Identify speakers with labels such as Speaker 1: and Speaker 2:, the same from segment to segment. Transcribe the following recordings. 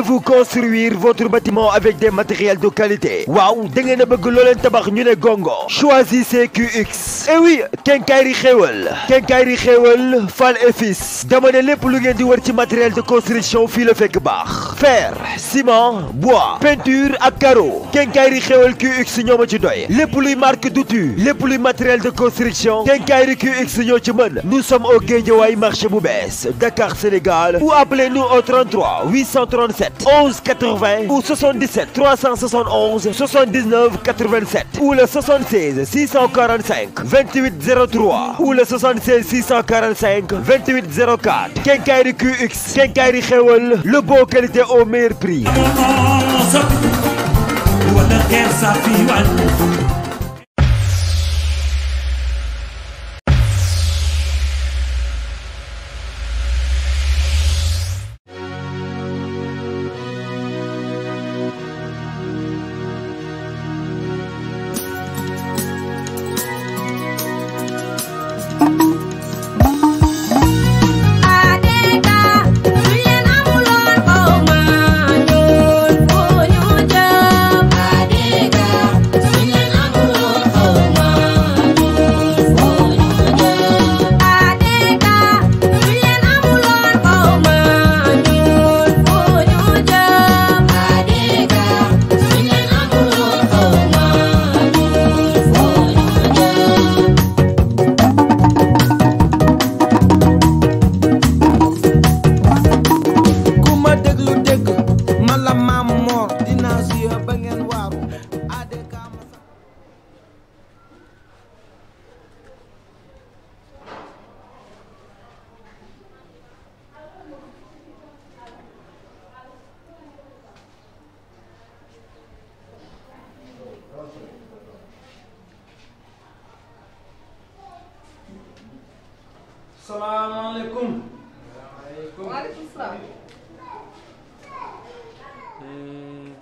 Speaker 1: voulez-vous construire votre bâtiment avec des matériels de qualité waaw da ngeen a bëgg loo leen tabax ñu ne gongo choisissez QX et eh oui kenkaayri xéewal kenkaayri xéewal Fall et Fils dama ne lépp lu ngeen di war ci matériel de construction fii la fekk baax fer ciment bois peinture ak carreau kenkaayri xéewal QX ñoo ma ci doy lépp luy marque d'outil lépp luy matériel de construction kenkaayri QX ñoo ci mën nous sommes au Guédiawaye marché bu bees Dakar Sénégal ou appelez 77 11 80 ou 77 371 79 87 ou le 76 645 28 03 ou le 76 645 28 04 Kenkayri QX Kenkayri xewal le bon qualité au meilleur prix.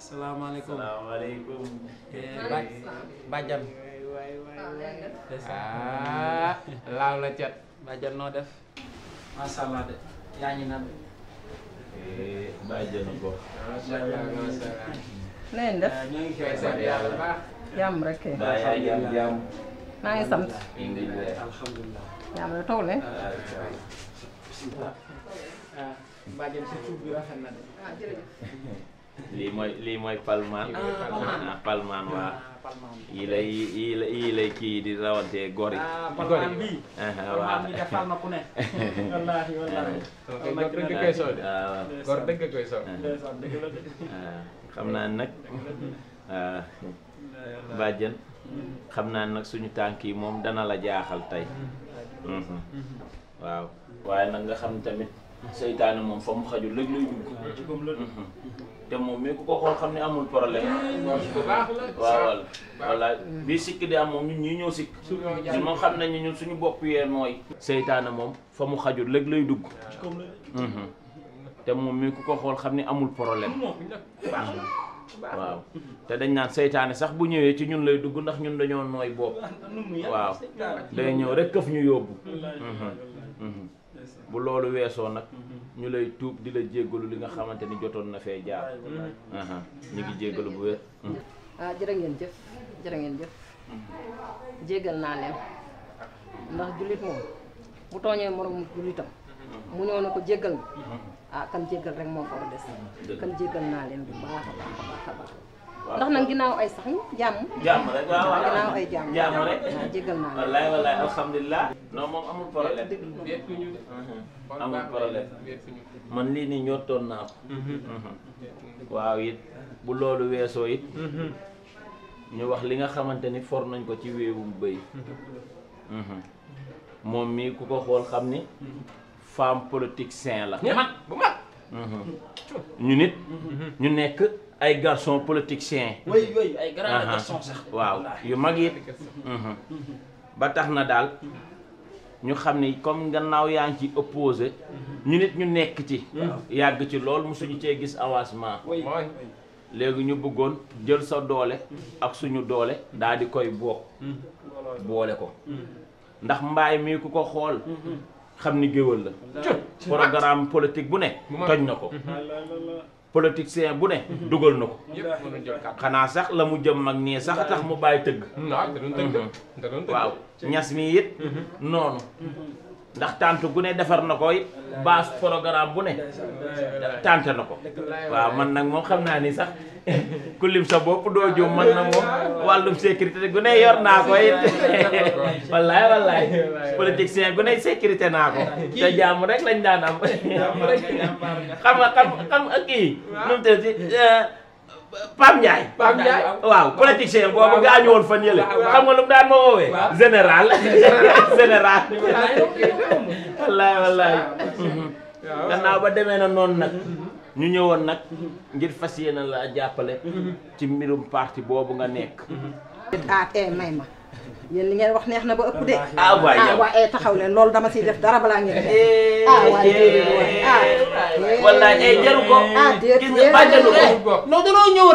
Speaker 2: salaamaaleykum salaamaaleykum. Eh, bàjjan.
Speaker 3: Eh, ah
Speaker 2: laaw la cat. bàjjan noo def. macha
Speaker 1: de yaa ngi nan.
Speaker 2: bàjjanu ko. macha
Speaker 3: def. ñu ngi koy sant yàlla baax. jàmm rek. baax
Speaker 2: ngi sant. alhamdulilah.
Speaker 3: jàmm ne.
Speaker 1: rafet na
Speaker 2: lii mooy lii mooy palmaan ah, ah palmaan waa ah, yii lay yii yii lay kii di rawante ah, gor dëgg koy sol waaw gor dëgg xam naa nag bàjjen mm-hmm. xam naa nag suñu tànk yi moom dana la jaaxal tey mm-hmm. Mm-hmm. waaw waaye nag nga xam tamit seytaane moom fa mu xajul lëj lay dugg te moom mii ko xool xam ne amul problème moom ñun ñuy ñëw sikk ñun xam nañu ñun suñu bopp yee mooy seytaane moom fa mu xajul lëj lay dugg mhm. te moom mii ku ko xool xam ne amul problème waaw te dañ naan seytaane sax bu ñëwee ci ñun lay dugg ndax ñun dañoo nooy bopp
Speaker 1: waaw day ñëw rek këf ñu yóbbu mhm.
Speaker 2: Mhm. bu loolu weesoo nag mm-hmm. ñu lay tuub di la jéggalu li nga xamante ni jotoon na fee jaar ñu ngi jéggalu bu wér mm.
Speaker 3: ah jërë ngeen jëf jërë ngeen jëf mm-hmm. jéggal naa leen ndax jullit moom bu tooñee moroom jullitam mm-hmm. mu ñëw na ko jéggal ah kan jéggal rek moo ko war a kan jéggal naa leen bu baax a baax a baax ndax nag ginnaaw ay sax yu jàmm. jàmm rek waaw waaw ay jàmm. jàmm rek naa la. wallaay wallaay alhamdulilah.
Speaker 2: man lii nii ñottoon naa ko. Mhm. Mhm. waaw it bu loolu weesoo it. Mhm. ñu wax li nga xamante ni for nañ ko ci wéewum bëy. moom mii ku ko xool xam ni. femme politique sain la. ñu nit. ñu nekk. ay garçon politicien
Speaker 1: oui ay grand garçon waaw yu mag
Speaker 2: it mhm. ba tax na daal ñu xam ni comme gannaaw yaa ngi ci opposé mhm. ñu nit ñu nekk ci yàgg ci lool mosuñu cee gis avancement léegi ñu bëggoon jël sa doole ak suñu doole daal di koy boo mhm. boole ko ndax mbaay mi ku ko xool xam ni géwël la programme politique bu ne toj na ko politicien bu ne. Mhm. dugal na ko. xanaa sax la mu jëm mag nii sax a tax mu bàyyi tëgg. Mhm. waaw ñas mi it mhm. noonu. ndax tante gu ne defar na ko it base programme bu ne tante na ko waaw man nag moom xam naa ni sax ku lim sa bopp doo jum man na moom wàllum sécurité gu ne yor naa ko it wallaay wallaay politicien gu ne sécurité naa ko te jàmm rek lañ daan am xam nga xam xam ak kii Pam Ndiaye. Pam Ndiaye waaw politicien boobu gaañu woon fan yële. xam nga lu mu daan ma woowee. général général. wallaahi wallaahi. Mhm. gannaaw ba demee na noon nag. Mhm. ñu ñëwoon nag mhm. ngir fas na la jàppale. ci mbirum parti boobu nga nekk.
Speaker 3: Ah, eh, yéen li ngeen wax neex na ba ëpp de. ah waay ah waay eh, taxaw leen loolu dama siy def dara balaa ngeen eh, def. ah waay eh, déedéet waay
Speaker 2: ah. walaay eh jaru ko. ah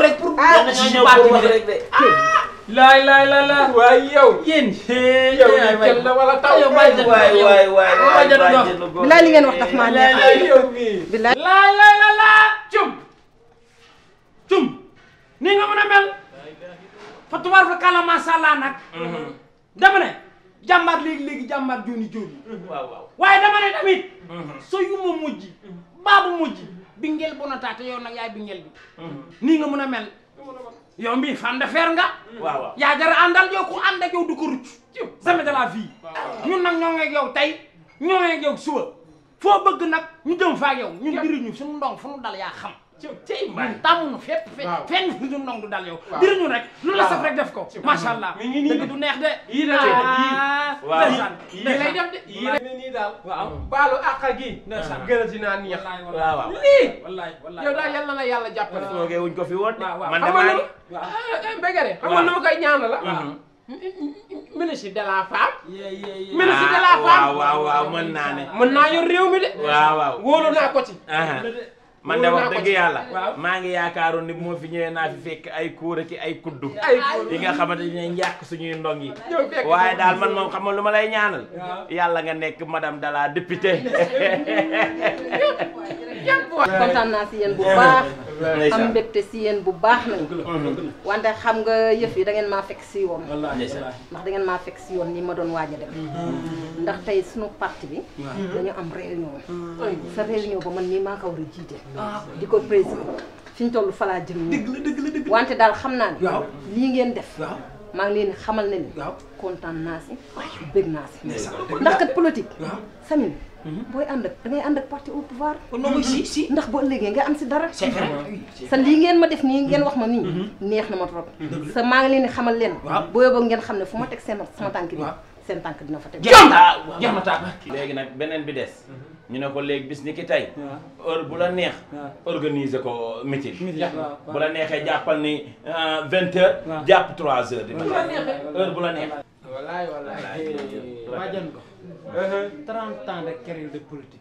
Speaker 1: rek pour. ah dañoo la la waay yow. yéen yow kenn la
Speaker 3: maa neex. bilaay
Speaker 1: yow mii bilaay. cum cum ni nga mën a mel. fa tubaar fa kàlla macha nag. Mm-hmm. dama ne jàmbaar léegi léegi jàmbaar jooni jooni. Mm-hmm. waaw waaw waaye dama ne tamit. Mm-hmm. soyu ma baabu mujj bi ngel bonataa te yow nag yaay bi ngel nii nga mën a mel. yow mbii femme de fer nga. yaa jar a àndal yow ku ànd ak yow du ko rucc. jamais de la ñun nag ñoo ngi ak tey ñoo ngi ak yow foo bëgg nag ñu jëm fa ak yow ñun diriñu suñu ndong fu nu dal yaa xam. ci tey mbaay tàmm na fépp fe fenn fi ñu nangu dal yow diriñu rek lu la saf rek def ko macha allah dëgg du neex de yii daal ah, ndeysaan da lay def de yii ne nii daal waaw baalu àq gi a dinaa neex waaw waaw daal yal na la yàlla jàppale
Speaker 2: toogee wuñ ko fi
Speaker 1: woon man de maa ngi ah, eh, eh, bégere xam nga nu ma koy ñaan la mhm. ministre de la femme. ministre ah, waaw
Speaker 2: waaw waaw naa ne.
Speaker 1: mën naa yor réew mi de.
Speaker 2: waaw naa ko ci. man de wax dëgg yàlla maa ngi yaakaaroon ni bu ma fi ñëwee naa fi fekk ay kuura ki ay kuddu yi nga xamante ne njàkk suñuy ndong yi waaye daal man moom xam ma lu ma lay ñaanal yàlla nga nekk madame de la députée
Speaker 3: kontaan naa si yéen am mbégte si yéen bu baax nag wante xam nga yëf yi da ngeen maa fekk si woon ndax da ngeen maa fekk si yoon ni ma doon waaj a dem mm-hmm. ndax tey suñu parti bi dañu am réunion mm-hmm. sa réunion ba man nii maa ko war a jiite ah. di ko président fi ñu toll falaa jëm dëgg la wante daal xam naa ne lii ngeen def maa ngi leen xamal ne ni kontaan naa si bëgg naa si ndax kat politique Samine Mhm. booy ànd ak dangay ànd ak parti au pouvoir. non si si ndax boo liggéey nga am si dara. c'est mhm. sa lii ngeen ma def nii ngeen wax ma nii. Mhm. neex na ma trop. sa maa ngi ne di xamal leen. waaw boo yóbboo ngeen xam ne fu ma teg seen sama tànk bi seen tànk dina fa teg. jëm ah,
Speaker 2: na léegi nag beneen bi des. ñu ne ko léegi bis ni tey. heure bu la neex. organiser ko meeting. bu la neexee jàppal ni euh, vingt heures. jàpp trois heures. heure bu la neex.
Speaker 1: wallaay wallaay.
Speaker 3: wallaay wallaay
Speaker 1: wallaay wallaay wallaay wallaay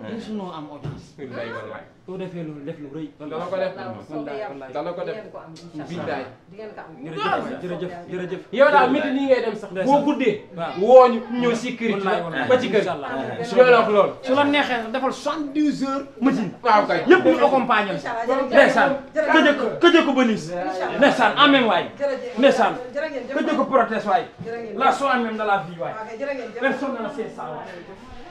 Speaker 1: ñu eh. sunoo am audience. billaay wallaay. soo defee loolu def lu rëy. dana ko def ko def. billaay. jërëjëf jërëjëf jërëjëf. yow daal miti nii ngay dem sax. boo guddee. woo ñu ñëw sécurité ba ci kër. su la wax loolu. su la neexee sax defal soixante-dix heures. machine waaw kay ñëpp ñu accompagné la. ndeysaan këjë ko këjë ko bënis. ndeysaan en même waay. ndeysaan
Speaker 3: këjë ko protest waay. la soo
Speaker 1: en même de la vie waay.
Speaker 3: personne ne sait ça waay.